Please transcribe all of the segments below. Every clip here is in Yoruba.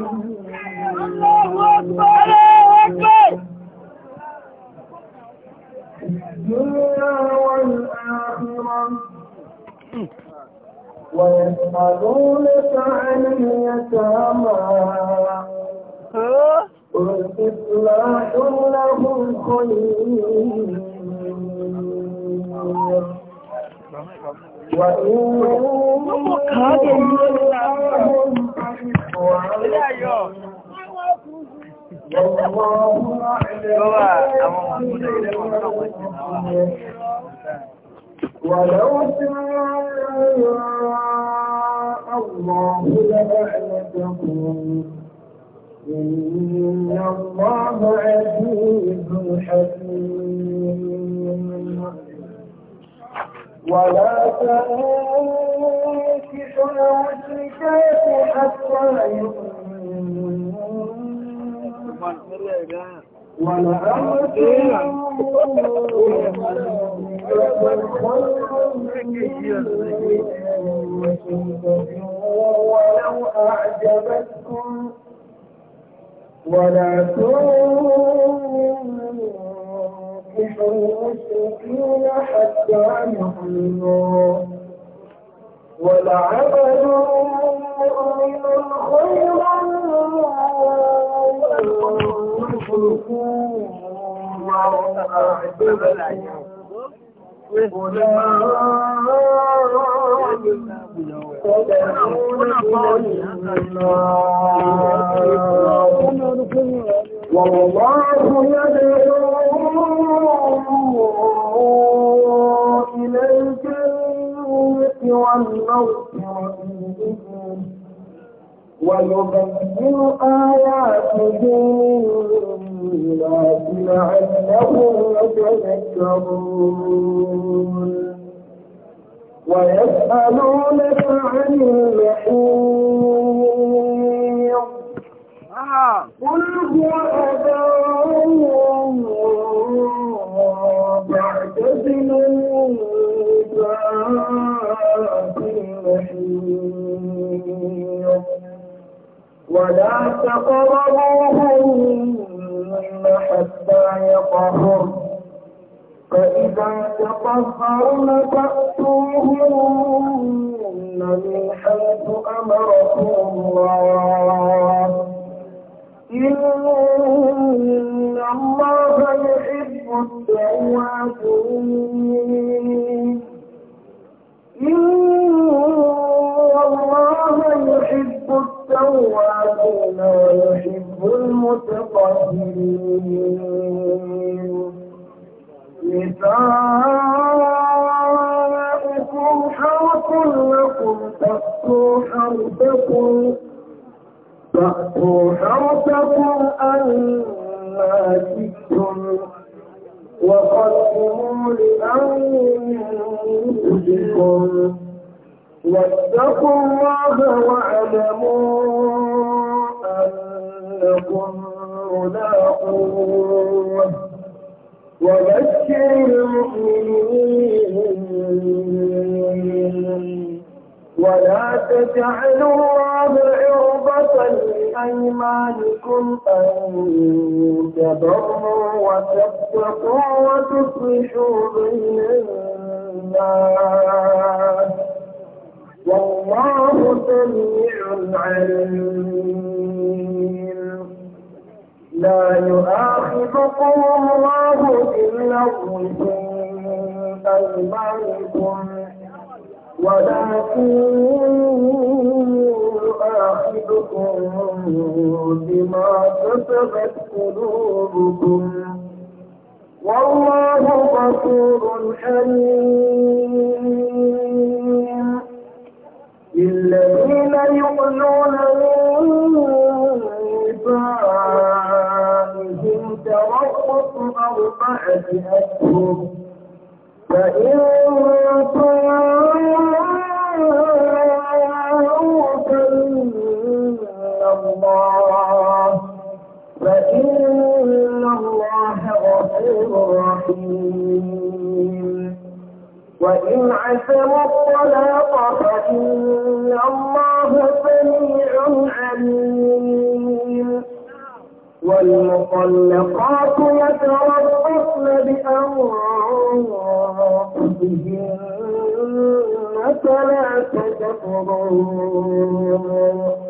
الله أكبر الله أكبر الدنيا والآخرة ويسألونك عن اليتامى قل إصلاح لهم خير Gbogbo kàádé ní ọlọ́rọ̀. Lọ́wà àwọn ọmọ ilẹ̀ ọmọ ولو شاء الله لأعنتكم إن الله عزيز حكيم ولا تنكحوا المشركات حتى يؤمنوا ولأمة ولو أعجبتكم ولا تؤمنوا يفلح المشركين حتى يضلوا ولعمل مؤمن خير الله أولئك تدعون إلى الله شئتم وقدموا لأنفسكم واتقوا الله واعلموا أنكم ملاقوه وبشر المؤمنين ولا تجعلوا الله لأيمانكم أن تبروا وتتقوا وتصلحوا بين الناس والله سميع عليم لا يؤاخذكم الله باللغو في أيمانكم ولكن يؤاخذكم بما كتبت قلوبكم والله غفور حليم للذين يؤلون من نسائهم تربص أربعة أشهر فإن الله الله غفور رحيم وإن عزموا الطلاق فإن الله سميع عليم والمطلقات يتربصن بأنفسهن ثلاثة قرون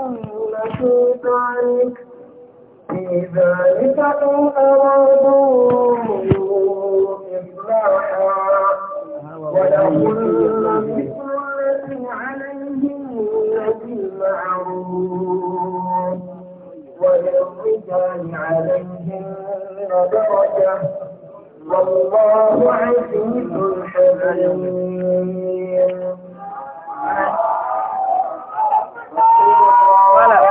شيطانك في ذلك إن أرادوا إصلاحا ولهن مثل الذي عليهن بالمعروف وللرجال عليهن درجة والله عزيز حكيم ولا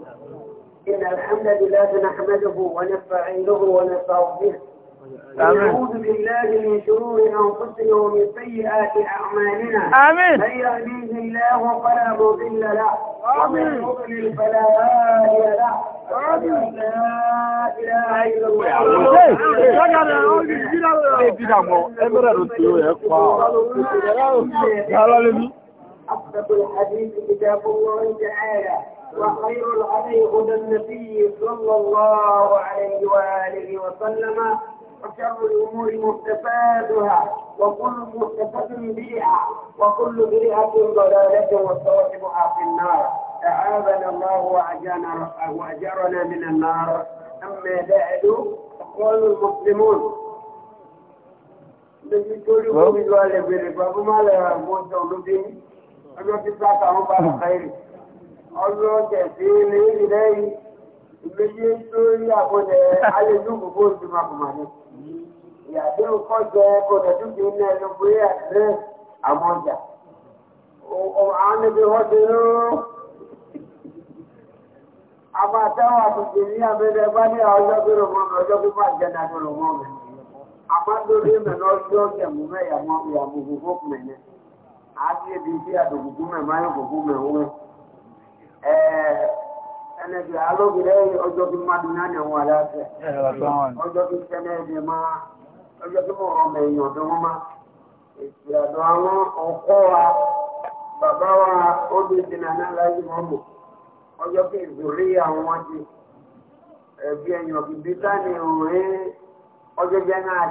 إن الحمد لله نحمده ونستعينه ونستغفره ونعوذ بالله من شرور أنفسنا ومن سيئات أعمالنا آمين من يهديه الله فلا مضل له ومن يضلل فلا هادي له أصدق الحديث كتاب الله تعالى وخير الهدي هدى النبي صلى الله عليه واله وسلم وشر الامور مستفادها وكل محدثه بدعه وكل بدعه ضلاله وصاحبها في النار اعاذنا الله واجانا واجرنا من النار اما بعد اخوان المسلمون Babu malam buat tahu lebih, agak kita tahu bahasa khairi. ọlọ́dẹ̀ sí ilé ìrẹ́ ìgbéyé sórí àbọ̀dẹ̀ alẹ́dúgbò bó ti máa kùmà ní. ìyàdé ọkọ̀ jẹ kọ̀dẹ̀ dúkìá ní ẹnu pé àtẹ́rẹ́ àmọ́ ọjà. wọ́n ti rú. abẹ́rẹ́ bá ní ọjọ́ ọjọ́ jẹ́ mi. fún àti ebi tí àdùkù fún máa ń fún Eh, ẹnẹbi alógìrẹ ọjọ́ kí má dùn náà wọn aláṣẹ eh, ọjọ́ kí sẹ́nẹ̀ ẹ̀dẹ̀ ọjọ́ kí mo ọmọ èèyàn tó wọ́n máa èsì àdọ́ àwọn ọkọ wa bàbá wa ó di ìdènà náà láyé wọn ọjọ́ àwọn òwe ọjọ́ jẹ́ náà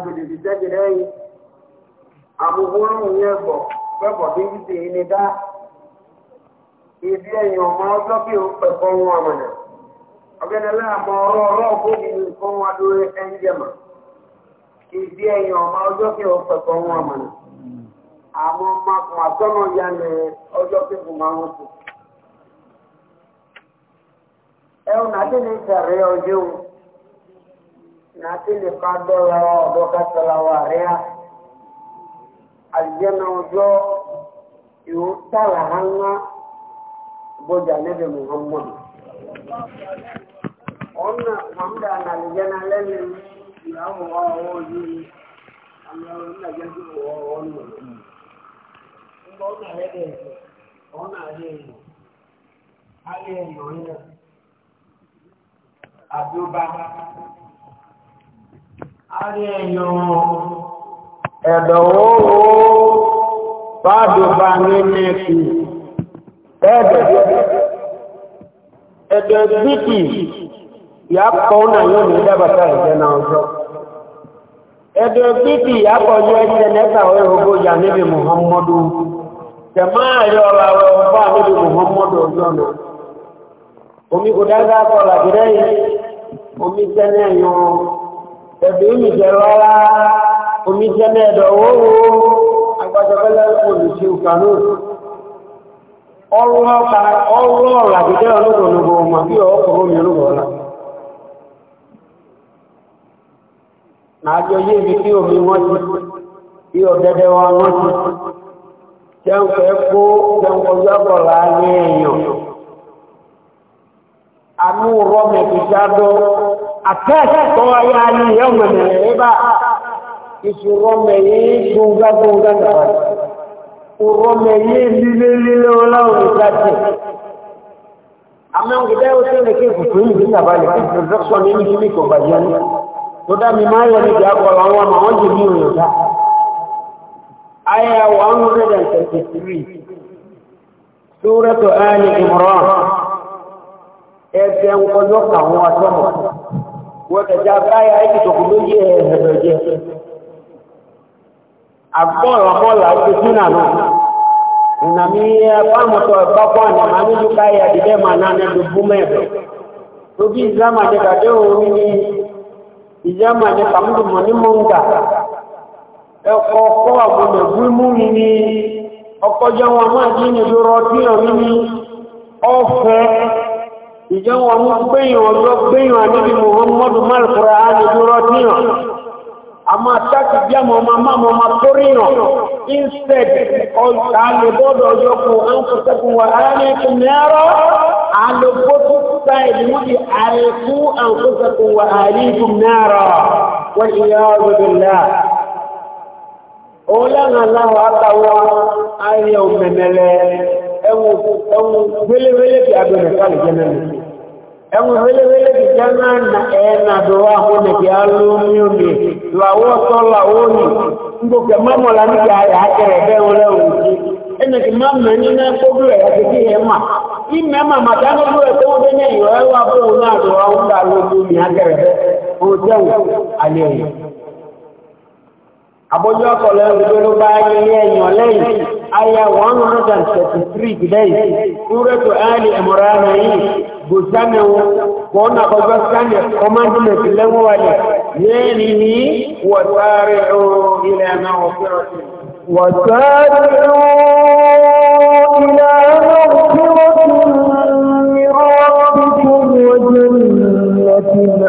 mọ̀nà àbúgbóró yẹn bọ̀ pẹ́pọ̀ bí ti tèyí ni dá ibi ẹ̀yìn ọmọ ọlọ́pì pẹ̀kọ́ wọn àmàlà ọgẹ́nẹ̀lẹ́ àmọ́ ọ̀rọ̀ ọ̀rọ̀ ọ̀gbógi ní nǹkan wọn adúrẹ́ ẹnjẹ̀mà ibi ẹ̀yìn ọmọ ọlọ́pì pẹ̀kọ́ wọn àmàlà àmọ́ makùn àtọ́nà ya ní ọlọ́pì fún máa wọ́n fún ẹ̀wọ̀n àti ní ìtàrí ọjọ́ ní àti ní padà ọ̀dọ́ kásọ̀lá wà rí á. àlùjẹ́nà ọjọ́ ìwò ha nwa bọ́jà níbi muhammadu ọ̀nà mọ̀mọ́dà nà àlùjẹ́nà lẹ́nu ìyàwó ọwọ́ yìí àmì ọ̀rọ̀ nígbà jẹ́ sí ọwọ́ ọ̀nà ọ̀nà rẹ̀ bẹ̀rẹ̀ ọ̀nà rẹ̀ èèyàn á lé ẹ̀dọ̀wọ́wọ́ bádùbá ní mẹ́kù ẹ̀dẹ̀ bíkì yàkọ̀ náà yóò ní dábàtà ẹ̀jẹ̀ náà ọjọ́ nẹ́ta ọ̀rọ̀ ya muhammadu níbi muhammadu ọjọ́ náà omi kò omi omi jẹ́lẹ̀ ẹ̀dọ̀ owó agbájọ́gbẹ́lẹ̀ olùsí ìkànú ọrún ọ̀rọ̀ àgbẹ̀jẹ́ ọlọ́dọ̀lọ́gbọ̀ ọmọ bí ọkùnrin omi olúwọ̀ọ́lá àjọ yé ibi tí omi wọ́n ti bí ọ̀dẹ́dẹ́ wọn wọ́n ti jẹ́ǹkẹ́ kó jẹ́ǹkọ́jọ́bọ̀ láàrin èèyàn àmú rọ́mẹ̀kì jádọ́ àtẹ́ẹ̀kọ́ ayé ayé ọmọ ìṣòro mẹ̀yìn gbóngágbóngá nàbà òrò mẹ̀yìn lílé lílé ọláwọ̀ ìdájẹ́ àmọ́ ìdá ó tẹ́lẹ̀ kí ìkùtù yìí ní nàbà lè fi production ní ìlú ní kọ̀ọ̀bà yẹn ní tó dá mi máa yẹ níbi àgọ́lọ̀ àwọn ọmọ wọn jẹ ní òyìn dá ayé one hundred and thirty three sórẹ́tò ayé ìmọ̀ràn ẹsẹ̀ ń kọjọ́ kàwọn atọ́mọ̀ wọ́n tẹ̀sí abáyá ẹ̀kìtọ̀kù ló yẹ ẹ̀ẹ́dẹ̀jẹ́ akpọrọ bọla otutu na no na mi pamọtọ ẹkpọkọ na ma mi duka ya di ma na ne do buma ẹbẹ tobi izama de ka de o mi izama de ka mu do mọ ni mo ń ga ẹkọ kọ agbọnọ gbé mú mi ni ọkọjọ wọn máa dín ní lórọ tí ọ mi ni ọfẹ ìjọ wọn mú gbẹyìn ọjọ gbẹyìn ani muhammadu malkura á àmọ́ àtàkì bí àmọ́ ọmọ àmọ́ ọmọ tó ríyàn instead ọjà àlèbọ́dọ̀ yọkù àǹkọ̀tẹ́kùn wà áyánẹ́kùn mẹ́rọ àlèbọ́dù sáìdì múbi àrẹ̀kú àǹkọ̀tẹ́kùn wà áyánẹ́kùn mẹ́rọ wọ́n ìyá ọ̀rọ̀dọ̀lá ọlọ́run aláwọ̀ àtàwọn ayé òmẹ̀mẹ̀lẹ̀ ẹwù wéléwélé bí abẹ̀rẹ̀ kálí jẹ́ náà ẹ̀ẹ́nà àdọ́wà àwọn ẹ̀dẹ̀ alómiómi làwọ́ tọ́ làwọ́ nì gbogbo mọ́mọ́ la ní kí ayà akẹrẹ bẹ́ẹ̀ wọlé òun sí ẹnì kí má mẹ́ ní náà kó bílẹ̀ ẹ̀ ti yẹ mà ma mẹ́ mà mà dáná àbójú ọkọ̀lẹ̀ ìgbé ló bá ilé ẹ̀yàn lẹ́yìn aya 133 today túrẹ́tù áàlì ẹ̀mọ̀ra ara yìí gùsánẹ̀wò kọ́nà ọjọ́ sánẹ̀ commandment lẹ́wọ́wàlẹ̀ yẹ́rì ní wọ̀tàrí ilẹ̀ náà وجنة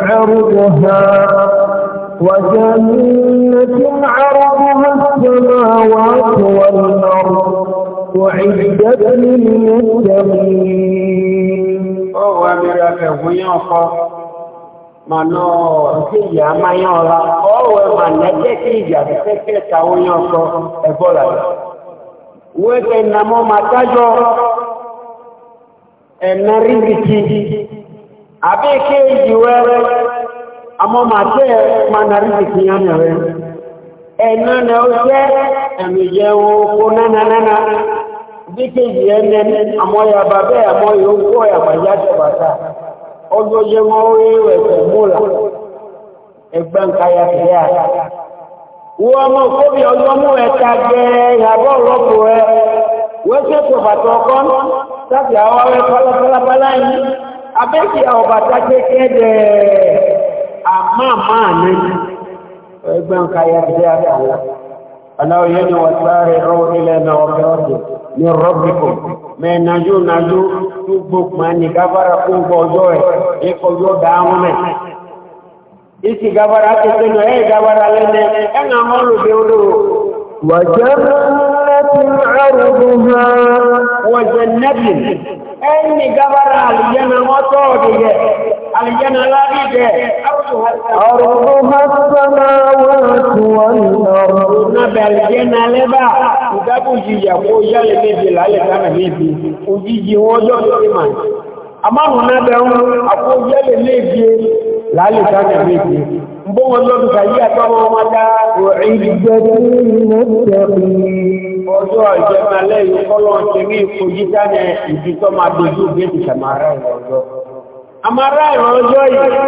عرضها وجنة عرضها السماوات والأرض أعدت للمتقين أو أمير أفهم màná sí ìyá máyán ọ̀la ọ̀wẹ̀ màná jẹ́ kí ìyá fẹ́fẹ́ tàwọn yàn sọ ẹ̀bọ́ là wẹ́tẹ̀ nàmọ́ ẹ̀nà rí bìtì àbí kéèjì wẹ́rẹ́ àmọ́ màá tẹ́ ẹ máa narí ìsìn yá mi rẹ̀ ẹ̀nà nà ó jẹ́ ẹ̀mì jẹ́ oko nánanánà bí kéjì ẹ̀ nẹ́ àmọ́ ya bàbẹ́ àmọ́ yóò kó ẹ̀mà yá tẹ̀ bàtà ọjọ́ jẹ́ wọ́n ó rí ẹ̀fẹ̀ múlà ẹgbẹ́ nǹkan ya tẹ̀ yá wọ́n mọ̀ kóbi ọjọ́ mú ẹ̀ka gẹ́ ìyàbọ̀ rọ́pò ẹ̀ wọ́n ṣètò bàtà ọkọ́ abẹ́kì àwọn bàtà kékeré أمامنا ابن خير جاء الله يد وسارعوا إلى مغفرة من ربكم من نجو نجو تبوك من كفر كون بوجوه يقولوا دعونا isi gabara keseno e gabara lene ena molu beudu wa jannatin arduha wa jannatin ẹni gábára àlìyẹ́nà mọ́tọ́ òdìyẹ àlìyẹ́nà lábìdẹ ọ̀rọ̀dún hásánà wọ́n tí nábẹ̀ àlìyẹ́nà lẹ́bà ìdábù jìyà yálẹ̀ méjì lálẹ̀ kánà méjì òjìjì wọ́n jọ́ àmáhùn nábẹ̀ ń àpò yálẹ̀ méjì lálẹ̀ kánà méjì mbọ́n wọn wọn ọjọ́ ìjọba lẹ́yìn kọ́lọ́ ti ní ìfojú dáná ìdí tó máa dojú ìgbésì sàmárà ìrọ̀jọ́. àmárà ìrọ̀jọ́ yìí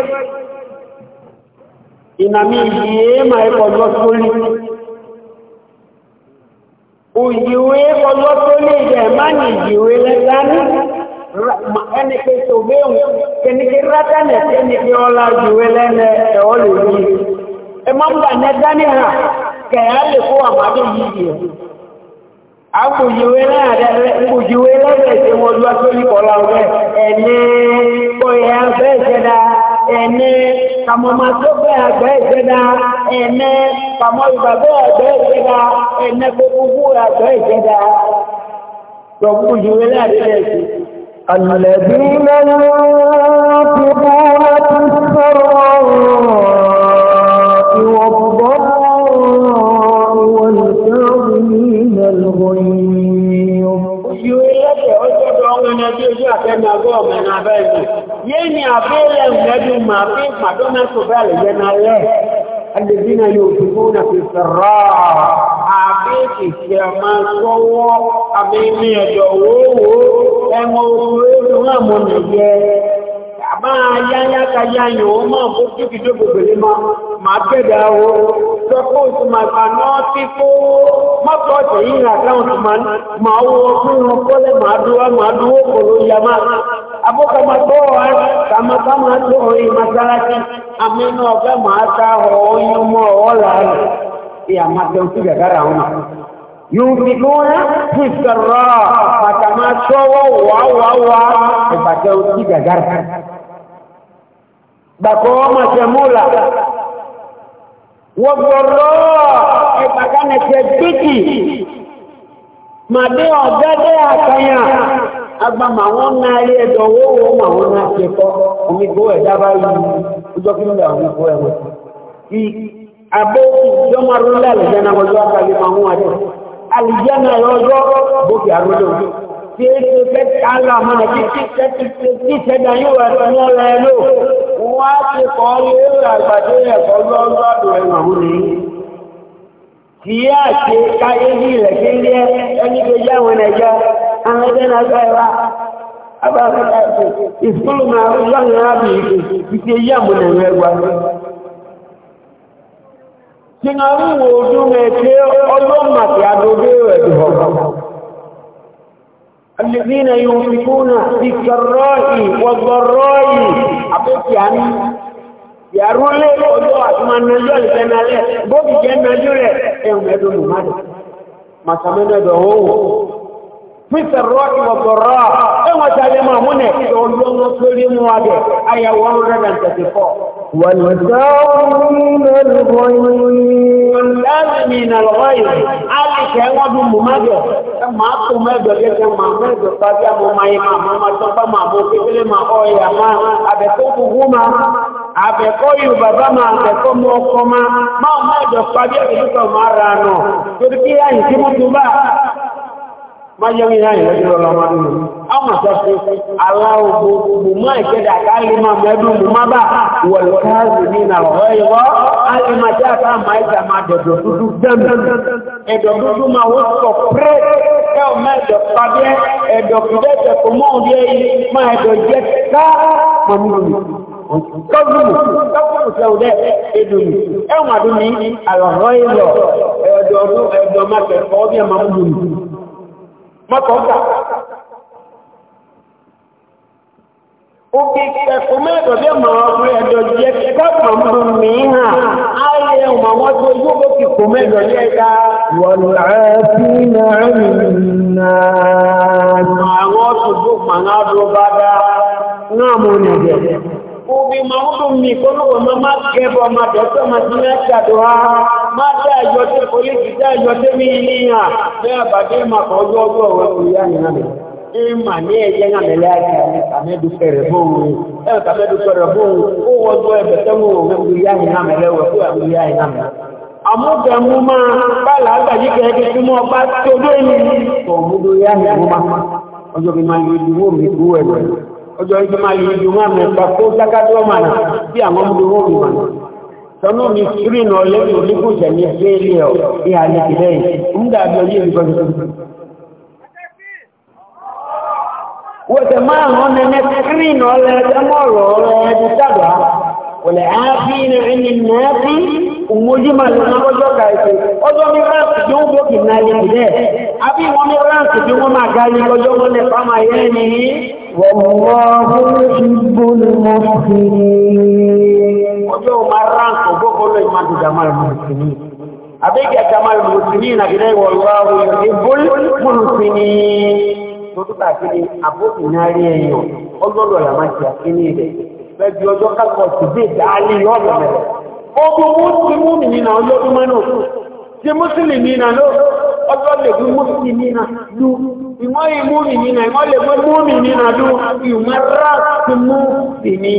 ìnàmí ìyẹ́ máa kọjọ́ tó lé òyìnwé kọjọ́ tó lé jẹ́ máa ní ìyìnwé lẹ́dání ẹni pé tòbéhùn kẹ́nìkẹ́ rátánẹ̀ kẹ́nìkẹ́ ọlá ìyìnwé ní ẹ̀dání kẹ̀yà lè kó àmàdé yìí yìí akòjìwé lẹ́bẹ̀ẹ́ tí wọ́n lọ sórí kọ̀lá ọ̀rẹ́ ẹni kọ̀yẹ̀ abẹ́ ìṣẹ́dá ẹni kàmọ́mọ́sọ́gbẹ́ àgbẹ́ ìṣẹ́dá ẹni kàmọ́rùbàbẹ́ àgbẹ́ ìṣẹ́dá ẹni gbogbo àgbẹ́ ìṣẹ́dá lọ́kùnjìwé lẹ́bẹ̀ẹ́ الذين ينفقون في السراء bí ojú àfẹ́mì ọgọ́ ọ̀mẹ́nà abẹ́ẹ̀mì yé ni àbẹ́ẹ̀lẹ̀ mẹ́bí máa fi pàdọ́mẹ́sọ̀ bẹ́ẹ̀lẹ̀ yẹn náà lẹ́ الذين يؤتون في السراء àbẹ́ẹ̀kì tí a máa sọ́wọ́ àbẹ́ẹ̀mì ẹ̀jọ̀ owó ẹmọ orílẹ̀-èdè náà mọ̀ nìyẹ àbá ayáyákayá yìí ó máa kó kíkìdó gbogbo lé máa tẹ́dà owó lọ́pọ̀ òsùn màgbà náà tí kó mọ́ yìí àkáǹtì máa wọ́ fún wọn kọ́lẹ̀ máa dúwá máa dúwó kò ló yà máa abúkà máa tó ọ̀ ẹ́ kàmá ká máa tó ọ̀yìn masalasi àmínú ọ̀gá máa ta ọ̀yìn mọ́ ọ̀ọ́là rẹ̀ ìyá máa tẹ̀ ń fi gàgàrà wọn. yóò fi kó wọn fi ọmọ tẹ̀ múlà wọ́n makane sediki màdé ọ̀dẹ́dẹ́ àtẹyàn agbàmà wọn náà rí ẹjọ owó owó mà wọn náà ṣe kọ omi gbó ẹ̀dá bá yí ọjọ́ kí ló lè àwọn ìgbó ẹ̀wọ̀n kí abẹ́ ìjọmọ arúlé àlùjẹ́nà ọjọ́ àkàlẹ̀ máa mú àjẹ́ àlùjẹ́nà ọjọ́ bókè arúlé òjò tí é ṣe fẹ́ kálá máa kí tí ṣẹ́dá yóò ẹ̀rọ ní ọ̀rọ̀ ẹ̀ lò wọ́n á ti kọ́ ilé àgbàdo ẹ̀kọ́ lọ́ọ́ kìí àti káyé ní ìrẹ̀kí ní ẹni tó yá wọn ẹ̀yọ àwọn ẹgbẹ́ náà fẹ́ wá abáfẹ́ ìfúnlù máa ń lọ́nà ábì ìfẹ́ yá wọn ẹ̀yọ ẹgbà tí wọ́n ń wo ojú rẹ̀ pé ọlọ́màtì adóbé rẹ̀ يعني yàrá lé ọjọ́ àti máa nájọ́ ìfẹ́ náà lẹ̀ bóbi jẹ́ nájọ́ rẹ̀ ẹ̀hùn ẹ̀dùn mùmádì màtàmẹ́nẹ́dọ̀ owó pítẹ̀ rọ́ọ̀kì ọ̀tọ̀rọ̀ ẹ̀wọ̀n tàbí máa múnẹ̀ ọjọ́ wọn sórí mú wa bẹ̀ àyà 134 wọ́n ni sáwọn nínú ẹ̀lùbọ̀n àbẹ̀kọ́ yìí bàbá máa tẹ̀kọ́ mọ́ ọkọ́ máa máa máa jọ pàdé ìdúkọ̀ máa ra nà torí kí yáyìn tí mú túnbà máa yẹ́ yáyìn lọ́jọ́ lọ́mọdún àwọn àtọ́sí aláwọ̀ gbogbo máa ìkẹ́dà káàlì máa mẹ́dún mú má bà wọ̀lù káàlì ní ìnàwọ̀ ẹ̀wọ́ káàlì máa jẹ́ àtà máa ìjà máa dọ̀dọ̀ dúdú ẹ̀dọ̀ dúdú pàdé ẹ̀dọ̀ kùdẹ́ẹ̀tẹ̀ kò mọ́ òun bí máa ẹ̀dọ̀ jẹ́ ká Gọ́gùnù, gọ́gùnù fẹ́ òdẹ́ ìdùnnù, ẹ̀wọ̀n àdún ní àlọ́rọ̀ ìlọ ẹ̀ọ̀dọ̀ ọdún ẹ̀ọ̀dọ̀ mákẹ̀kọ́ bí ẹ̀mà múlùmù. Mọ́kọ̀ ọ̀gá. Òkè ẹ̀kọ́ mẹ́ẹ̀dọ̀ bí ẹ̀mà ọkùnrin ẹ̀dọ̀ jẹ́ kẹ́kọ̀ọ́ mọ̀mí hàn. Ayé ọmọ wọn tó yóò bó ti kò mẹ́ẹ̀dọ̀ yẹ́ ká. وَالْعَافِينَ عَنِ النَّاسِ Àwọn ọ̀sùn tó pàná ló bá dá náà mú ní ẹ̀jẹ̀ obi ma wo mi ko no ma ma ke bo ma do so ma ti na ta do ha ma da yo te police da yo te mi ni ha be ba de ma ko jo jo wo mi ya ni na ni e ma ni e je na me la ka ni ka me o wo jo e be te mo wo mi ya ni me le wo ko mi ya ni na me àmúgbẹ̀mú máa báàlá àgbàjíkẹ́ ẹgbẹ́ tí mọ́ bá tó lórí ọmọdé yá ní ọmọ ọjọ́ bí máa yóò dúró mi kú ẹ̀rọ ọjọ́ ìjọ máa yìí ju máa mẹ́fà kó dákàtí ọmọ àná bí àwọn ọmọdé wọ́n rí wọn sọnù mi sírìnà lẹ́yìn oníkùnjẹ̀ ní ẹgbẹ́ ilé ọ̀ ní àlè ìlẹ́yìn ń dàbí ọyé ìgbọ́n wọ́tẹ̀ máa hàn nẹ́nẹ́ sírìnà lẹ́ẹ̀dẹ́mọ̀ ọ̀rọ̀ ẹni sábà wọ̀lẹ̀ ààfin ẹni nàáfi òmójúmọ̀ lọ́nà ọjọ́ kàìsì ọjọ́ tí ó ń gbókì náà lè bìlẹ̀ àbí wọn mi ráǹsì tí wọ́n máa ga ní ọjọ́ wọn lè fáwọn ẹni yìí Wàlúwàhú ìbò ni mo fi ní. Ọjọ́ máa ránkọ̀ gbọ́kọ́lọ́ ìmájú Jamal Mùsùlùmí. Àbẹ́gẹ̀ Jamal Mùsùlùmí na gidẹ́ wàlúwàhú ìbò mùsùlùmí ní. Tòtútà kí ni àbókù náà rí ẹ̀yàn, ọlọ́lọ́ làmá ti àkíní rẹ̀. Bẹ́ẹ̀bi ọjọ́ kákọ̀ sí bí ìdáálé yọ̀ọ̀lọ̀ mẹ́rẹ̀. Ogun mú ti mú mi nínà ọjọ́ lè gbé mọ́sí nínà lú ìmọ́ ìmú nínà ìmọ́ lè gbé mú nínà lú ìmọ́ ráàtì mú sí ní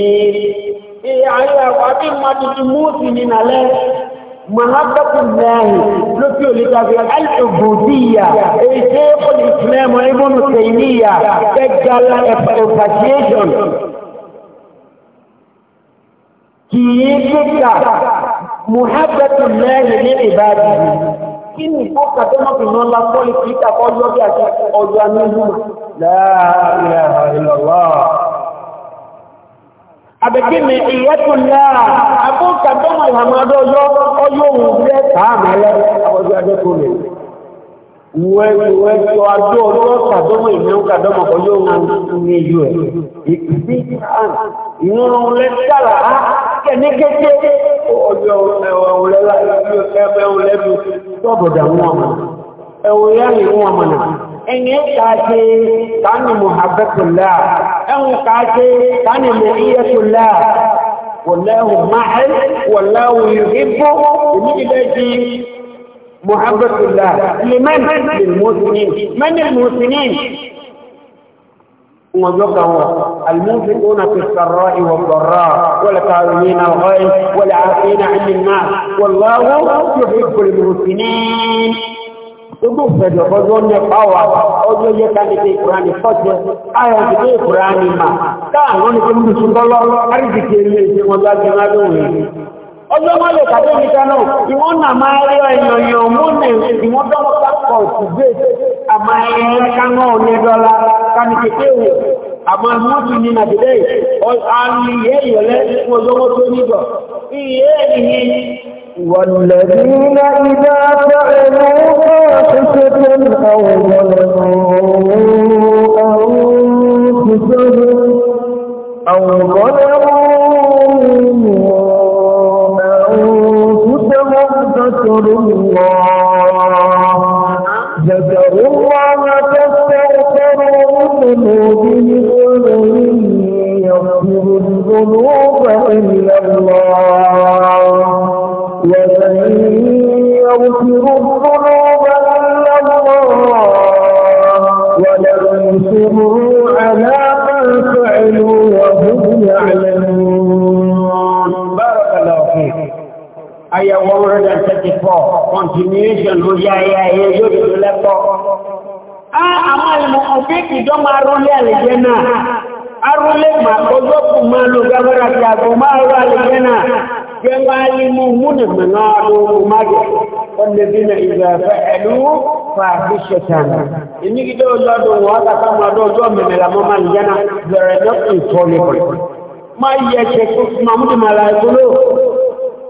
ààrẹ àwábí mọ́tútù mú sí nínà lẹ́ mahabbatun lahi ló fi ò lè tàbí èyí tí ó lè islam ibn taymiya ẹgbàlá appreciation kìí kíkà muhabbatun lahi ní kí ni ìfọ́kà tó má fi mọ́ ńlá pọ́lì kì í kàkọ́ ọjọ́ bí àti ọjọ́ anílùmọ̀. láàárín àwọn ìlọ́wọ́. àbẹ̀kíni ìyẹ́tùlá àbúkà tó mọ̀ ìhàmọ́ ọjọ́ ọjọ́ òun fẹ́ sàámẹ́lẹ́ ọjọ́ adẹ́kùnrin uwezo wa dogo kadogo imeu kadogo kwa hiyo unijue inulekala kenekeke ojo ulela hiyo kama ulebu dogo damuama ewe yani uamana enge kaje kani muhabbatullah enge kaje kani mu'iyatullah محبة الله لمن للمسلمين من المسلمين وذكروا المنفقون في السراء والضراء والكاظمين الغيظ والعافين عن الناس والله يحب المسلمين gbogbo ìfẹ̀dọ̀ ọjọ́ nípa wà ọjọ́ yẹ ká ní pé ìkùránì fọ́jẹ́ ayọ̀ ti pé ìkùránì mà táà wọ́n ni pé mú ìṣúgbọ́lọ́ ọjọ́ wọn lè kàdé mi kan náà ìwọ́n náà máa rí ẹ̀yàn yàn mú ìwọ́n dọ́wọ́ pápọ̀ ìtùgbé àmà ẹ̀yìn kaná òní dọ́là wò àmà mọ́tò ní nàìjíríà àmì ìyẹ́ ìyọ̀lẹ́ fún tó nígbọ̀ ذكر الله ذكروا الله فاستغفروا لذنوبهم ومن يغفر الذنوب إلا الله ومن يغفر الذنوب إلا الله ولم يسروا twenty four continuation ló yá ẹyà ẹyẹ yóò dúró lẹ́kọ́. á àwọn ìmọ̀ ọ̀fíìkì tó máa rọlé àlejẹ́ náà arúlé màkójó kù máa lo gbàgbọ́dà tí àgọ́ máa rọ àlejẹ́ náà jẹ́wọ́ alimu múnà mẹ́nà ọdún májẹ̀ ọ̀nẹ́bínà ìgbàfẹ́ ẹ̀lú fàáfíṣẹ̀tàn ìníkídé ọjọ́dún wọ́n látàkàmọ́ ọjọ́ mẹ́mẹ́lá mọ́ máa nìyànà bẹ̀rẹ̀ lọ́pìn tọ́lẹ̀bọ̀n máa yẹ ṣe kó máa múdìmọ̀lá ìgbóló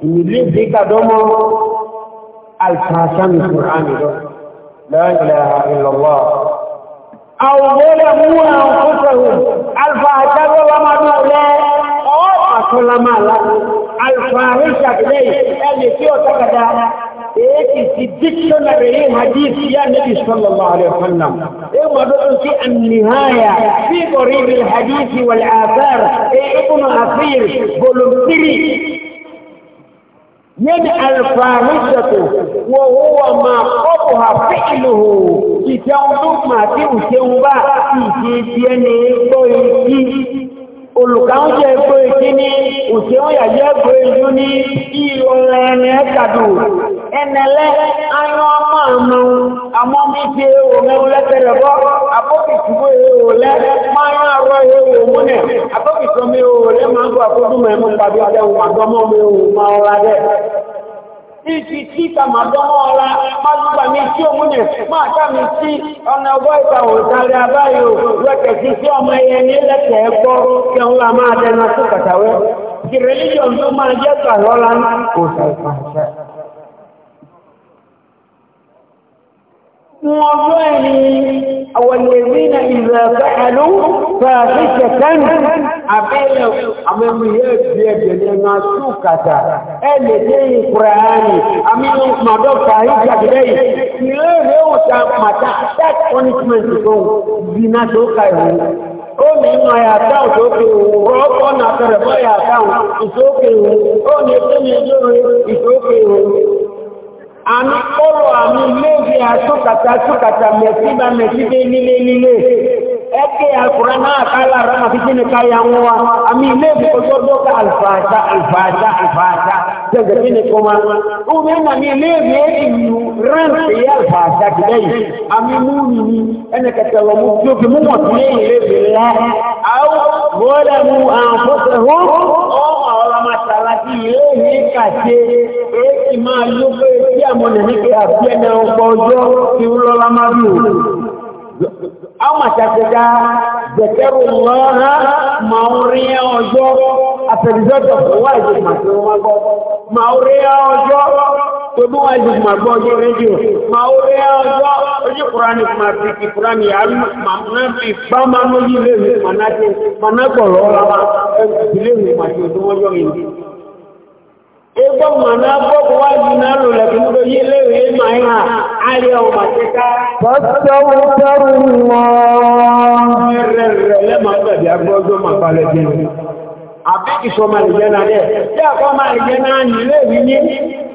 Iblis dikadomo al-fasami Qur'ani do. La ilaha illallah. Au zalamu anfusahum al-fahsha wa ma dula. Au aslama la al-fahisha bilay aliyyo takada. Eti si dictionary hadith ya Nabi sallallahu alaihi wasallam. Ewa do si an-nihaya fi qarib al-hadith wal-athar. Ibn Asir volume 3 yẹ́nì alfàmìsẹ̀kù wọ́n wọ́n máa kọ́pù ha fíìlùhù ìjẹun tó máa tí ò ṣeun bá ìṣe ti ẹni gbọ́ ìṣí olùkàwọn jẹ ẹgbẹ ìkíní òṣèwọn yàjẹ ẹgbẹ ìlú ní ìrọrùn ẹni ẹkàdù ẹnẹlẹ ayọ ọmọ àmọ àmọ mi ti èèwò mẹwù lẹtẹrẹ bọ abókìtìbó èèwò lẹ máyọ àrọ èèwò múnẹ abókìtìbó mi èèwò lẹ máa ń bọ àkókò mẹmú pàdé àdéhùn àgbọmọ mi èèwò máa ń rà dẹ iki kita madomola mazuba mitio mwenye mata miti anaweza utali abayo weke sisi omayenile keko keunga mate na sukatawe kireligion zuma jeka lolan kusaifasha موضوعي والذين إذا فعلوا فاحشة أبيلوا أمام يجي جنينا سوكتا ألدي قرآني أمين مدو فاحشة كدي يهو سامتا that punishment to zina sókà ìwò ó ní inú àyàtà òsókè ìwò rọ́pọ̀ nàtàrẹ̀mọ́ àyàtà òsókè ìwò ó ní ẹgbẹ́ mi lórí ìsókè ìwò àmì kọ́rọ̀ àmì léèdè àtúkàtà àtúkàtà mẹ̀síbà mẹ̀síbà nílé nílé ẹgbẹ́ àkùrá náà kálá rámà títí ní káyà ń wá àmì léèdè ọjọ́dọ́ ká àlùfààdá àlùfààdá àlùfààdá jẹ́jẹ́ kí ni kọ́má ọmọ ẹ̀nà mi léèdè ìlú rántí àlùfààdá kìlẹ̀ yìí àmì múni ni ẹnì kẹtẹ wọ mú tí mú mọ̀ sí léèdè léèdè lá àwọn wọ́n lẹ́nu àǹfọ̀sẹ̀ àti èéhì kàṣe èéhì máa ló pé tí àmọ́nà ní pé àbí ẹ̀nà ọgbọ̀ ọjọ́ ti ń lọ́lá máa bí òun. Àwọn àṣàṣẹ̀dá gbẹ̀tẹ́rù lọ́rá máa ń rí ọjọ́ àfẹ̀lẹ́sọ́tọ̀ fún wáìdì màgbọ́. Máa ń rí ọjọ́ tòbí wọn ju gbàgbọ́ ọjọ́ ojú kùránì máa fi kí kùránì àánú máa fi bá máa lójú léwu mànájẹ mànágbọ̀rọ̀ ọ̀la wa ẹgbẹ̀rún léwu màjọ tó wọ́n yọ ìdí ebo mana bobo waji nalo lakini ndo yele yema ya ali au mateka fastaghfirullah le mamba ya gogo mapale jeni abiki soma lijana le ya kama lijana ni le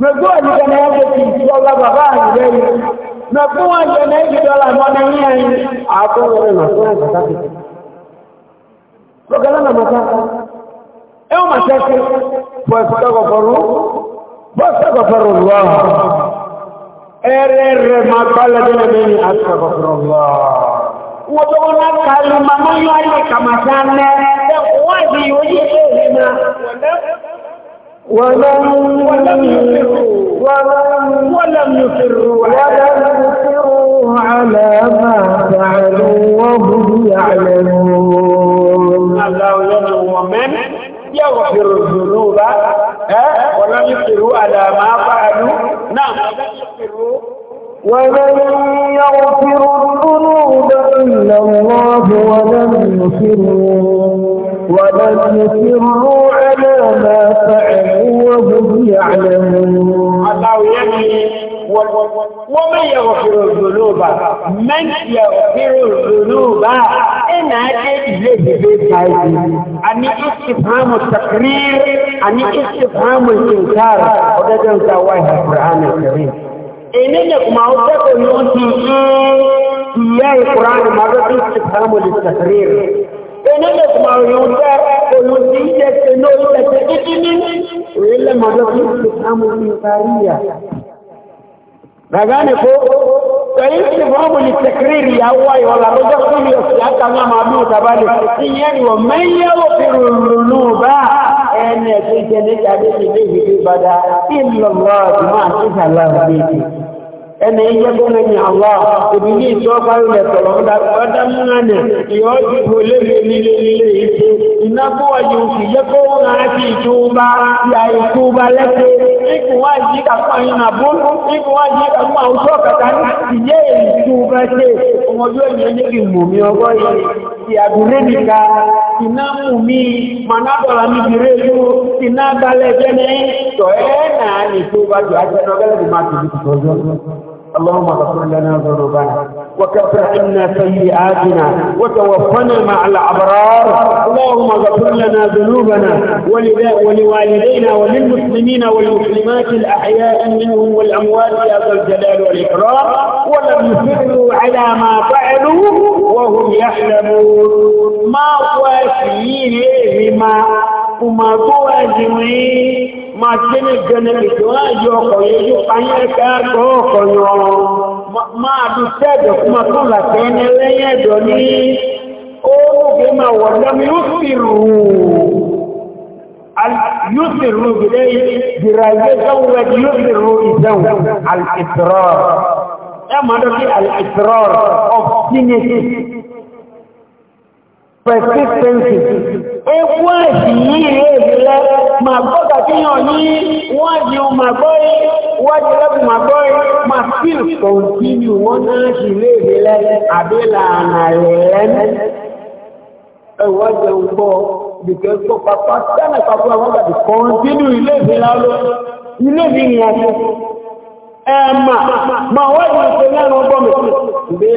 Mẹ̀gbọ́n àjíjẹ náà yẹ́ ti ìjọba bàbá àjíjẹ́ yìí. Mẹ̀gbọ́n àjíjẹ náà yẹ́ dọ́là mọ́nà yẹ́ yìí. Àkọ́wọ́ rẹ̀ nà fún àjàkà kìí. Lọ́gẹ́lẹ́ nà mọ́ta. Ẹ ó mà tẹ́sí. Bọ́ẹ̀sọ́gọ̀fọ́rún lọ́wọ́. Ẹrẹ rẹ̀ máa pálẹ̀ dẹ́nà bẹ́ẹ̀ àtọ́gọ̀fọ́rún lọ́wọ́. Wọ́tọ́wọ́ná kàlù màmá yọ ayé kàmàtà náà. Ẹ ولم ولم يصروا ولم ولم يصروا ولم يصروا على ما فعلوا وهم يعلمون الله يعلم ومن يغفر الذنوب ولم يصروا على ما فعلوا نعم ولم يغفر الذنوب إلا الله ولم يصروا ولم يسروا على ما فعلوا وهم يعلمون ومن يغفر الذنوب من يغفر الذنوب انا اجلس بيتي اني استفهام التقرير اني استفهام الانكار وده ده القران الكريم إننا كما أردت أن يكون في إياه القرآن مرة استفهام للتقرير onílẹ̀ tó máa rí oúnjẹ òun tí ń jẹ́ ṣe lórí ẹ̀ṣẹ̀ títí ní orílẹ̀ mọ̀lọ́ ní ìsìnkú ìparíyà. Bàbá ni kó pẹ̀lú ìsìnkú ní tẹ̀kírìrì àwọ̀ ìwọ̀lá lọ́jọ́ fún ìyọ̀sì àtàwọn màálù bàbá ni tí yẹn wọ̀ mẹ́yẹ́wò fi rùrùrù bá ẹni ẹni yẹ gómọ ní àwọ òbíní ìjọba ilẹ̀ sọ̀rọ̀ ọdámúnánà ìyọ́ ìbò lélẹ̀ lílé lílé ìṣe ìnákó ọjọ́ òsì yẹ kó wọn àti ìjọba ya ìjọba lẹ́sẹ̀ ikùn kàkọ́ àyìn àbó kàkọ́ àwùjọ kàkà ní ìyẹ́ ìjọba ṣe ọmọdé ẹ̀yẹ ní kí ọgọ́ yìí اللهم اغفر لنا ذنوبنا وكفر عنا سيئاتنا وتوفنا مع الأبرار اللهم اغفر لنا ذنوبنا ولوالدينا وللمسلمين والمسلمات الأحياء منهم والاموات يا ذا الجلال والإكرام ولم يصروا على ما فعلوا وهم يحلمون ما واسيين بما kumago ezimi machine genele tuaji oko yeju panye ka koko nyo ma du sedo kuma kula tene leye doni o gema wala yusiru al yusiru bidai diraye zawwa yusiru izaw al israr ya madaki al israr of sinity persistency ewu ẹ̀sì yìí rẹ̀ ìrìnlẹ̀ ma gbọ́gbà tí yàn ní wọ́n di o ma still continue wọ́n náà sì rẹ̀ ìrìnlẹ̀ àbílà àrẹ̀lẹ́ ẹ̀wọ́ jẹun gbọ́ dìkẹ́ gbọ́ papá sẹ́nà papá wọ́n gbàdì continue ilé ìrìnlẹ̀ lọ ilé ìrìnlẹ̀ ẹ̀mà ma wọ́n di ìpínlẹ̀ ọgbọ́n mi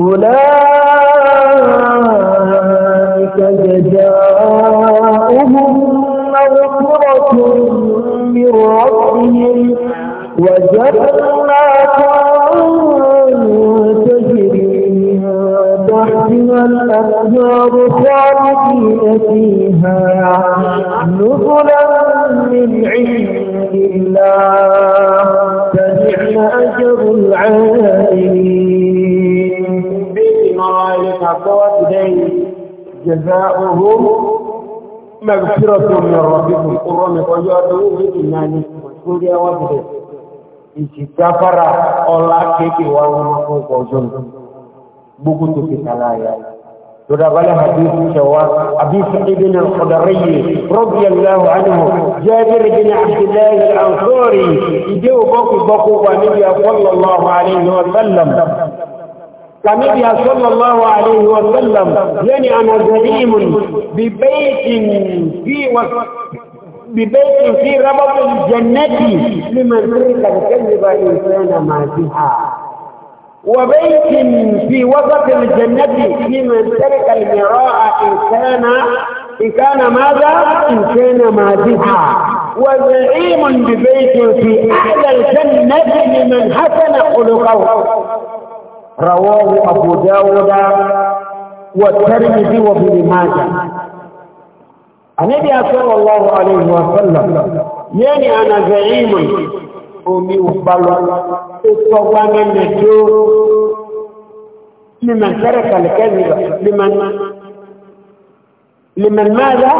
أولئك جزاؤهم مغفرة من ربهم وجنات تجري تحتها الأنهار خالدين فيها نزلا من عند الله فنعم أجر العالمين العداوة إليه جزاؤهم مغفرة من ربكم قرآن وجعلوه إيمان وسوريا وبدر ìṣìṣàfàrà ọlá kéèkè wa wọn fún ọkọ̀ ọjọ́ ní gbogbo tó fi kàlá ya tó dábàlẹ̀ àdéhùn ṣẹ̀wá àbíṣẹ́ ibi ní ọ̀dàrẹ́yẹ rọ́bì aláwọ̀ ánìmọ̀ jẹ́bẹ̀rẹ̀ bí ní àbílẹ̀ àǹsọ́rì ìdí òbọ́kùbọ́kù wà níbi àpọ́lọ̀lọ́ كنبي صلى الله عليه وسلم يعني أنا زليم ببيت في وقت ببيت في ربط الجنة لمن ترك الكذب إنسان ما فيها وبيت في وسط الجنة لمن ترك المراء إن كان إن كان ماذا؟ إن كان مادها وزعيم ببيت في أعلى الجنة لمن حسن خلقه rawahu Abu Dawuda wa Tirmidhi wa Ibn Majah Anabi sallallahu alayhi wa sallam yani ana zaimu omi ubalo utogwana netu liman taraka al-kadhiba liman liman madha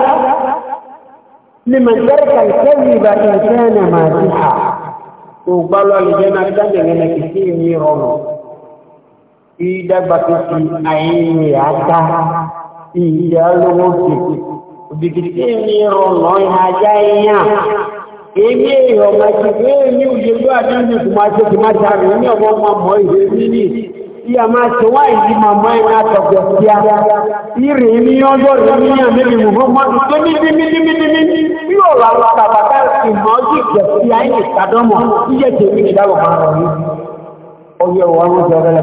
liman taraka al-kadhiba in kana madiha ubalo alijana kidanganya kisimi rono ìdàgbàsókè àìní àká ìyá lówó sí òbìkìtì mi rọ̀nà ìhàjá èèyàn èmi èèyàn máa ti gbé ní òyìnbó àdúgbò máa ṣe tó máa ṣàrùn ní ọmọ ọmọ mọ ìwé nílì tí a máa ṣe wá ìdí màmá iná tọ̀gbọ̀ sí a ìrè ní ọjọ́ rẹ̀ ní àmìlì mọ̀mọ́dún tó ní bí mímímímí bí ọ̀rọ̀ àwọn bàbá ìmọ̀ ọdún ìjọ sí àìní ìsàdọ́mọ̀ yíyẹ̀ tèmi ìdáwọ̀ máa rọ̀ yìí ọyẹ́ wọ́n ń jẹ́ rẹ̀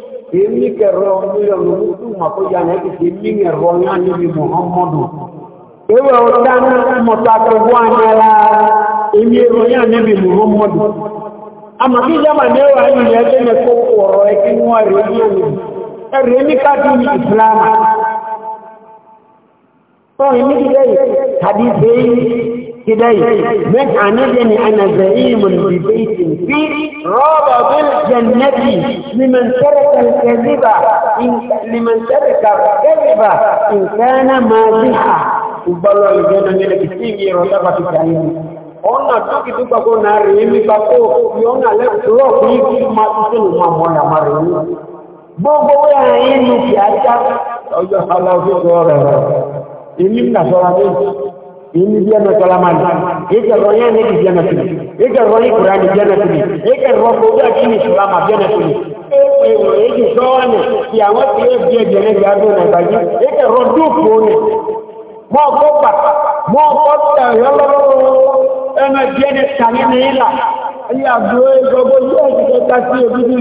èmi kẹrọ mílíọ̀nù mùsùlùmí àkójá náà ti fi mí ẹ̀rọ yá níbi muhammadu ewé ọ̀tá náà mọ̀ta Muhammad àmàlà èmi ẹ̀rọ yá níbi muhammadu àmà kí jábà mẹ́wàá ìrìn ẹgbẹ́ mẹ́kọ́ ọ̀rọ̀ ẹkí wọ́n rẹ̀ ní ẹ̀rọ ẹ̀rọ ẹ̀mí káàkiri ní ìsìlámà كداية مجعى نجني أنا زعيم ببيت في رابع بالجنة لمن ترك الكذبة لمن ترك الكذبة إن كان مازحا ubalwa alijana nile kisingi rotaba kitaimu ona tuki tuka ko na rimi bako yona le rock hiki matendo mamona marimi bogo wewe yenu kiacha ojo hala vitu ora elimu na ini dia matalaman ika ronya ni dia na tuni ika roni qurani dia na tuni ika roko ga kini sulama dia na tuni ewe eji soane ya wati e dia dia ne ya do na baji ika rodu kone mo ko pa mo ko ta yo dia ne tani ni la ayé àbúrò ìgbọ́gbọ́ sí ẹ̀sìn kẹta sí òbíbí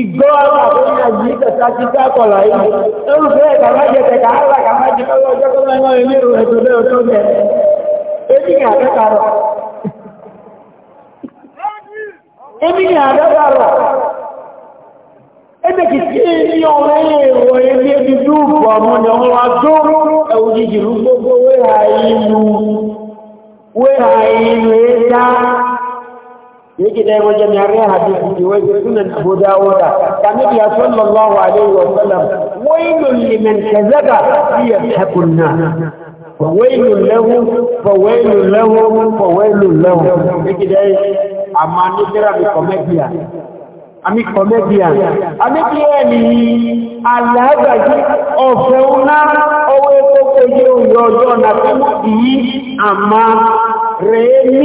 ìgbọ́ àwọn àbúrò àjí kẹta sí kákọ̀lá yìí lórúkọ ẹ̀ka májẹ kẹta àlà kàmá jẹ kọ́lọ́ ọjọ́ kọ́lọ́ ẹ̀wọ̀n ilé ìrò ẹ̀tọ́ bẹ́ẹ̀ ọjọ́ bẹ́ẹ̀ èmi ni àdọ́ta rọ̀ èmi ni àdọ́ta rọ̀ ẹgbẹ́ kìí sí ní ọ̀rẹ́ èrò ilé ibi dúró ọmọ adóró ẹ̀wùjì jìrú yake ɗaya wajen yare hadisi ne wai sunan abu dawuda kami ya sallallahu alaihi wa sallam wailun liman kazaga fi yahkun na fa wailun lahu fa wailun lahu fa wailun lahu yake ɗaya amma ni kira ni comedian ami comedian ami kira ni alaga ji ofeuna owe ko ko ojo na ti yi amma re ni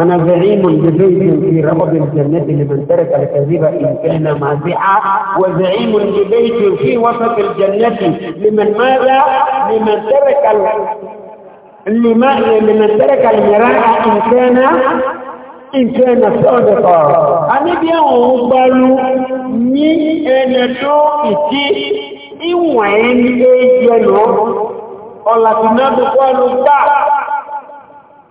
أنا زعيم ببيت في ربض الجنة لمن ترك الكذب إن كان مازعا وزعيم ببيت في وسط الجنة لمن ماذا؟ لمن ترك لما لمن ترك المراء إن كان إن كان صادقا أنا بيان بالو ني أنا tó إتي إن وين ẹjẹ́ إيه الله ọ̀làtìmẹ́bùkọ́ ló dáa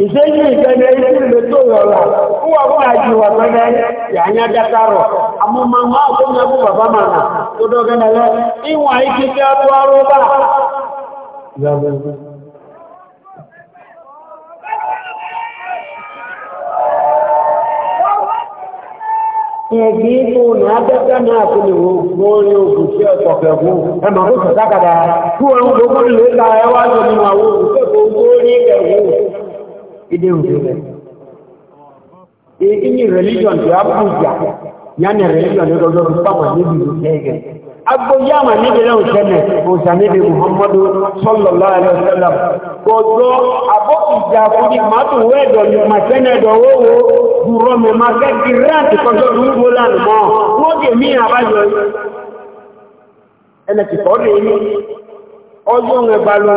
ìṣẹ́jú ìgbẹ́ni ilé tó rọrà púpọ̀ fún àjíwà pẹ́lẹ́ yàáyá dákàrọ̀ àmúmọ̀wọ́ na bàbá màrà tó dọ́gẹ́nẹ̀lẹ́ náà fi lè wo orí ogun sí ẹ̀rùn gbogbo ìlú ìta ẹwà nínú àwọn idin rere e inyi religion ti abuja yana religion ni dodo rupama ni bi lege agbo yama ni bi lewu sene o sane bi muhammadu sallallahu alaihi wasallam gogo abo ija funi matu wedo ni masene do wowo duro me ma ke grant ko do rugo lan mo mo de mi abajo ene ti ko ni ojo ngebalu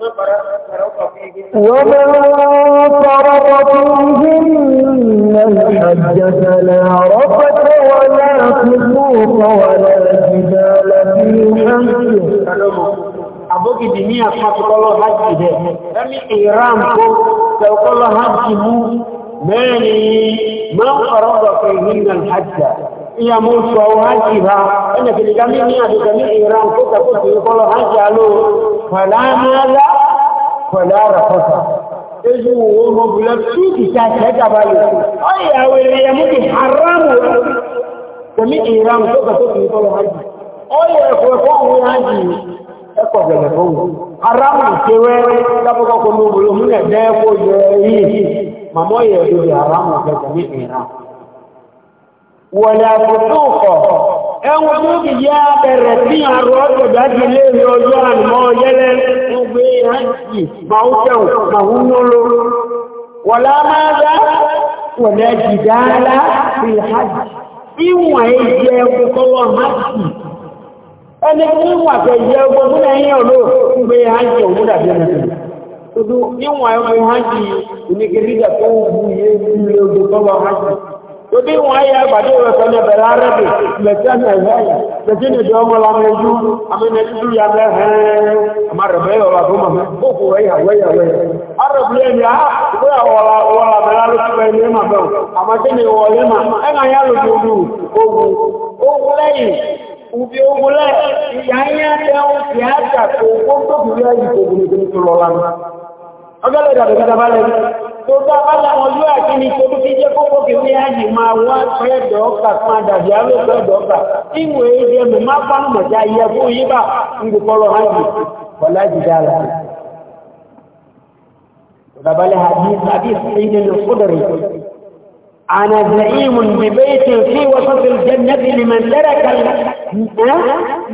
ومن فرض فيهن الحج فلا رفث ولا فسوق ولا جدال في الحج abogidi ní àpapọ̀lọ́ hajj rẹ̀ lẹ́mí ìran kó tẹ́ọ̀kọ́lọ́ hajj mú mẹ́rin máa ń fọ̀rọ̀ ọ̀pọ̀ ìhìnà hajj ìyà mú sọ hajj ha ẹnìkìlì gámí ní àdìgbàmí ìran kó tẹ́kọ́ tẹ́ọ̀kọ́lọ́ hajj aló wala rafasa ezu wo mo bula tuki ta ta gaba ne ai ya wani ya muke haramu kami iran to ka to ki to haji ai ya ko ko mu haji e ko gele ko haramu ke we ka ko ko mo bulu mu ne de ko je yi mamo ye do haramu ka kami iran wala futuqa ẹwọ tó ti yá bẹ̀rẹ̀ sí àrọ̀ ọ̀tọ̀dá ti lé rí ọjọ́ àmọ́ yẹ́lẹ́ ọgbé ẹ̀ẹ́sì bàúkẹ̀ù bàúnúlò wọ̀lá máa dá wọ̀lẹ́ jìdára ìlhàjì ìwọ̀n ẹ̀yẹ ẹgbẹ̀ kọwọ́ hajì ẹni tí wà fẹ́ tobi wọn ayé agbadé rẹ sọ ní ẹbẹrẹ arẹbi lẹsẹ ní ẹhẹ lẹsẹ ní ẹdí ọmọ la mẹju amẹnẹ dúdú ya mẹ hẹẹ ọmọ arẹbẹ yọ ọlọdún mọ mẹ kókò wẹyà wẹyà wẹyà arẹbi yẹn ni ah ìgbé àwọlà wọlà mẹlẹ alójú bẹ ní ẹmà bẹwò àmọtí ni ubi owó lẹ ìyá yẹn tẹ ohun tí a jà kó kó tóbi lẹyìn kó gbogbo tó lọ lánàá ọgọ́lẹ̀ ìdàdọ̀ ìjọba lẹ́ tó bá bájá wọn yóò àti ní tó fi jẹ́ kókó kì ní ààyè máa wá pẹ́ẹ̀dọ̀ ọkà fún àdàbí àwẹ́ pẹ́ẹ̀dọ̀ ọkà ìwò èdè ẹ̀mù má fánù mọ̀já yẹ fún yíbà ń gbùkọ́lọ̀ hàjì wọ̀lá jìdá rẹ̀ ìjọba lẹ́ hadith ìdè lè fúdọ̀rẹ̀ أنا زعيم ببيت في وسط الجنة لمن ترك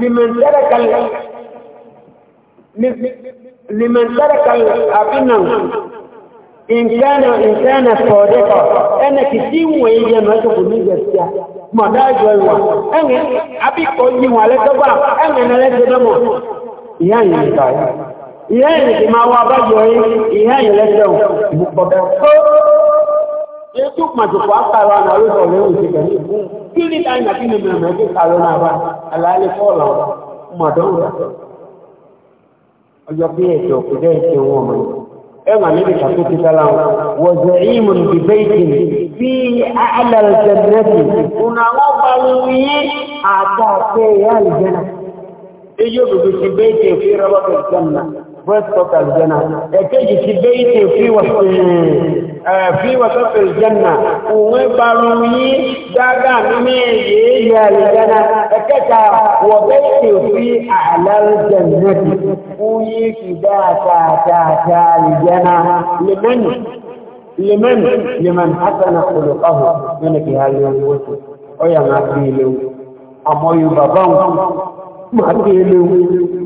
لمن ترك لمن ترك أبنه إن كان إن كان صادقا أنا كتيم ويجي ما تكون جسيا ما دا جوا أنا أبي كوني ولا تبا أنا نلا تبا يعني كاي يعني ما وابا جوي يعني لا ọjọ́ pé ẹ̀tọ́ kò dẹ́ ẹ̀tọ́ wọn mọ̀ ẹwà níbi kàtó ti sára wọn wọ̀zẹ̀ ìmù níbi bẹ́ẹ̀kì bí alẹ́rẹ̀ jẹ̀bẹ̀rẹ̀kì ọ̀nà àwọn balùwì yìí àtàkẹ́ ìyá àlùjẹ́nà èyí òbòbò ti bẹ́ẹ̀kì fi rọ́bọ̀tì jẹ́nà west coast àlùjẹ́nà ẹ̀kẹ́jì ti bẹ́ẹ̀kì fi wọ́n fi wasafi aljanna uwe yi daga mimi ye ya aljana akata wa baiti fi a'la aljannati uyi kidata ta ta aljana liman liman liman hasana khuluquhu manaki hali wote oya ma fi lewu amoyu babangu ma fi lewu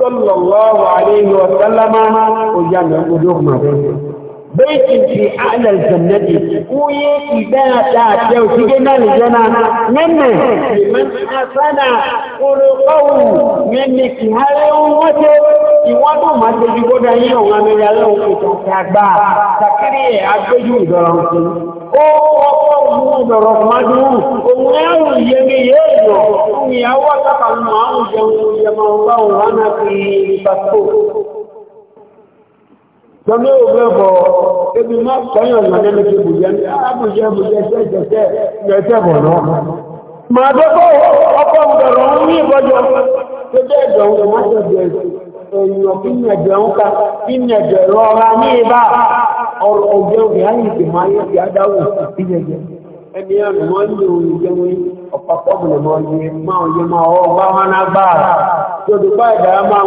sallallahu alayhi wa sallama ó yá mi baitin fi alal jannati ku ye ibaya ta kyau kige na lijana nan ne liman asana qulqaw min mithali wato iwadu ma te ju goda yin o ame ya lo ko to agba takiri e agbeju idoro nsin o tọ́lú òwe bọ̀ ebi má kọ́yàn lọ́dẹ́ lókè bùjẹ́ ní àbùjẹ́ bùjẹ́ sẹ́jẹsẹ́ lẹ́tẹ̀ bọ̀ náà. Màá dọ́kọ̀ ọkọ̀ bẹ̀rọ̀ ń ní ìbọ̀jọ́ tó bẹ́ẹ̀ dọ̀hún tó máa tẹ̀lé èèyàn kí ní ẹ̀jẹ̀ ń ka kí ní ẹ̀jẹ̀ rọra ní ibà ọ̀rọ̀ ọ̀gbẹ́ òkè á yìí máa yẹ kí adáwò sí ẹ̀jẹ̀. Ẹni àná máa ń lo ìjẹ́ wọn ọ̀pọ̀pọ̀ bùnẹ̀ máa yẹ máa yẹ máa ọ wá wọn náà gbáà. Tòdùpá ìdá máa ń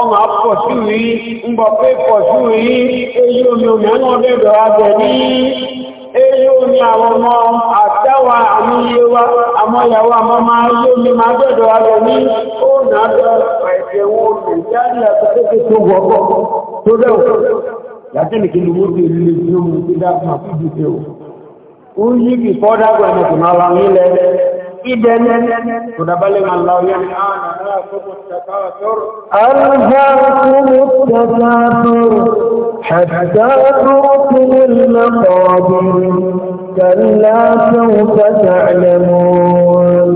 ọmọ àpọ̀sù yìí ń bọ̀ pé pọ̀sù yìí èyí omi òmìnà bẹ̀rẹ̀ àgbẹ̀ ní èyí omi àwọn ọmọ àtẹ́wà àmúyẹwà àmọ́yàwó àmọ́ máa yí omi máa bẹ̀rẹ̀ àgbẹ̀ ní ó nà bẹ̀rẹ̀ ẹ̀ẹ̀wò nàìjíríà tó tẹ́tẹ́ tó wọ́pọ̀ tó rẹ̀wọ̀ yàtẹ́nìkì ni wọ́n ti rí lè fi omi ti dá máa fi dùn إذا تنبلغ الله يحان التكاثر ألهاكم التكاثر حتى تركم المقابر كلا سوف تعلمون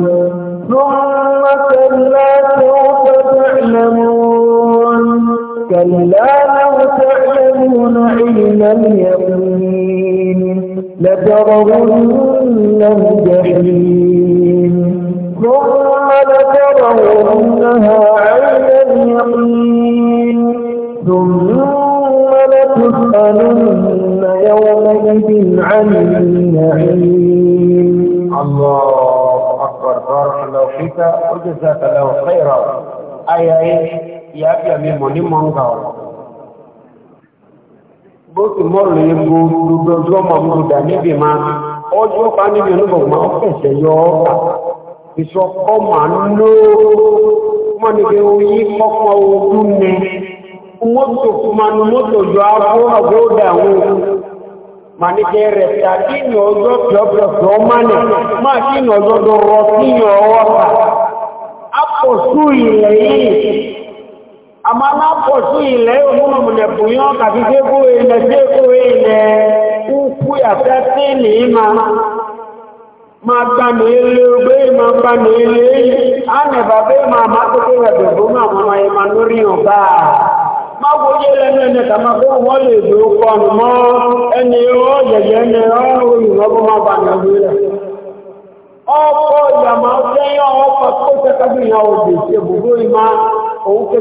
ثم كلا سوف تعلمون كلا لو تعلمون علم اليقين لترون الجحيم لترونها عين اليقين ثم لتسألن يومئذ عن النعيم الله أكبر بارك الله فيك وجزاك الله خيرا أي أي يا أبي أمي مني منغاو bóòtù mọ́rùn yìí gbogbo ọjọ́ ọmọ ọmọ ọdá níbi máa ọjọ́ pa níbi olúbọ̀gbọ́n ọ̀pẹ̀ṣẹ̀ yọ ọ́ ìsọkọ́ màá ló mọ́nìkẹ́ oyí kọ́kọ́ ogún ni mọ́tò manu mọ́tò yọ abúrò àgbóòdà wọn mànìkẹ́ rẹ̀ tàbí ní ọjọ́ pẹ̀ọ́pẹ̀ọ́ mánà máa kí ní ọjọ́ dọ̀rọ̀ sí ọwọ́ pa apọ̀sù ilẹ̀ yìí àmà lápọ̀sù ilẹ̀ òmùnàmùnà bùyán kàfífẹ́ kó ilẹ̀ sí èkó ilẹ̀ ń kú yàtẹ́ sí ní ìmá ma gbà ní ilé ogbé máa gbà ní ilé á nẹ̀bà bẹ́ máa máa ya kó rẹ̀ dòbó ya mọ́ ẹ máa lórí ọ̀bá máa wo yé lẹ́nu ẹni kàmá kó wọ́n lè dò kọ́ ọ̀nà ya ẹni ọkọ ya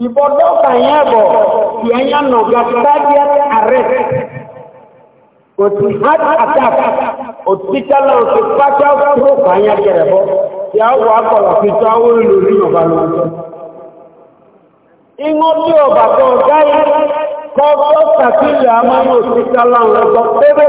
Ibodoka yebo yanyano ya cardiac arrest. Oti heart attack. Hospital o o se pacha pro kanya kerebo. Ya wa ko la fito o lori no balu. Ingo ti o ba ko gai ko ko takila ma hospital o ko bebe.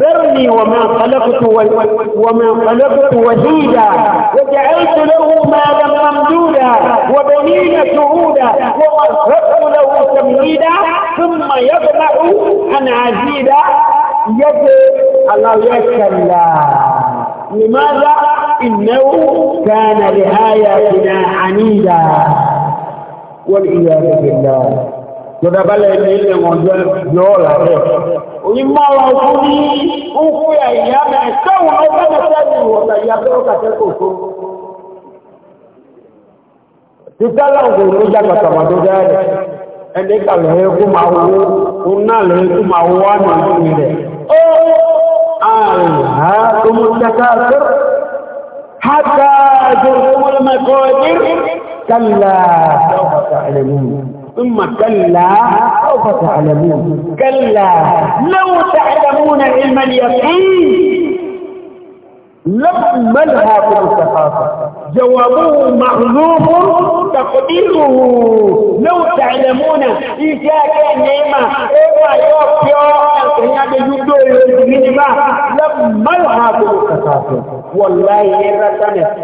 ذرني وما خلقت وما خلقت وزيدا وجعلت له مالا ممدودا وبنين شهودا ووفقت له تمهيدا ثم يطمع ان عزيدا يقول الله يكلا لماذا انه كان لآياتنا عنيدا والعياذ بالله وده بلد انه موجود uimara uzuri huku ya iame sawa wakana sani watayapeo katika uko titala nguruja kwa sababu gani endeka leo kumawu una leo kumawu wana ile ألهاكم التكاثر حتى زرتم المقادر كلا سوف تعلمون ثم كلا سوف تعلمون كلا لو تعلمون علم اليقين لما في الثقافة جوابه مغلوب تقديره لو تعلمون إذا كان نعمة إيوا يوفيو كان يجدو لم ملها في الثقافة wọ̀láì ẹgbẹ́gbẹ́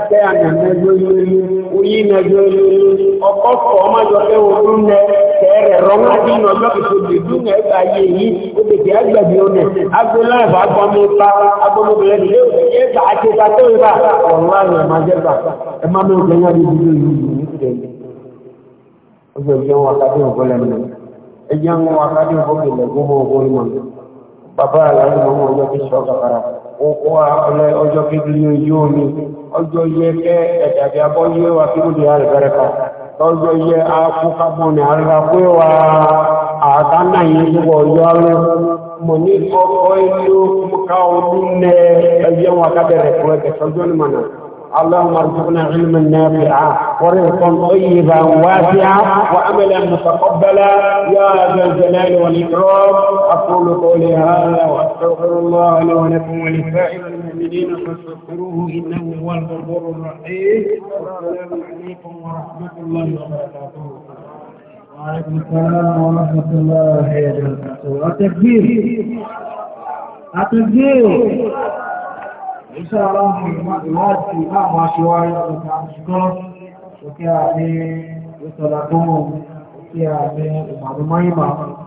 ṣẹ́ ànàmẹ́gbẹ́lẹ́lẹ́ oyínàgbẹ́lẹ́lẹ́ ọkọ̀ fọ́ ọmọdé ọdún nẹ kẹrẹ rọ́nàdín ọjọ́ ìṣòdì dún ẹgbà yẹ yìí ó bèbè ẹgbẹ̀bí ọ̀nẹ̀ agbẹ́lẹ́bà gbọmọba agbọmọbìnrin lè ẹgbà àti ìgbà tó ìgbà ọ̀rọ̀ àrùn ẹ̀májẹ́bà ẹ̀mámẹ́ ògbẹ́yà ní ìdílé yìí ní ìdílé yìí bàbá àlàyé mọ́mọ́ ọjọ́ kí sọ kàkàrà òkú àpẹẹlẹ ọjọ́ kébí ní ojú omi ọjọ́ yẹ kẹ́ ẹ̀dàbí abọ́ yẹ wa kí lóde àrẹ bẹ̀rẹ̀ kan lọ́jọ́ yẹ akú kábọ̀nì àríra pé wa àtànà yìí wọ̀ yọrù mọ̀ ní ọkọ̀ ilé ó ká ọdún nẹ ẹyẹ wọn اللهم ارزقنا علما نافعا ورزقا طيبا واسعا وعملا متقبلا يا ذا الجلال والاكرام اقول قولي هذا واستغفر الله لي ولكم ولسائر المؤمنين فاستغفروه انه هو الغفور الرحيم والسلام عليكم ورحمه الله وبركاته وعليكم السلام ورحمه الله وبركاته التكبير التكبير Iṣẹ́ aláàmù ìwádìí láàmù aṣíwárí ọ̀dọ̀ta ṣùgbọ́n òkè àmì ìsọ̀lá tó mọ̀ òkè àmì ìmàlúmọ́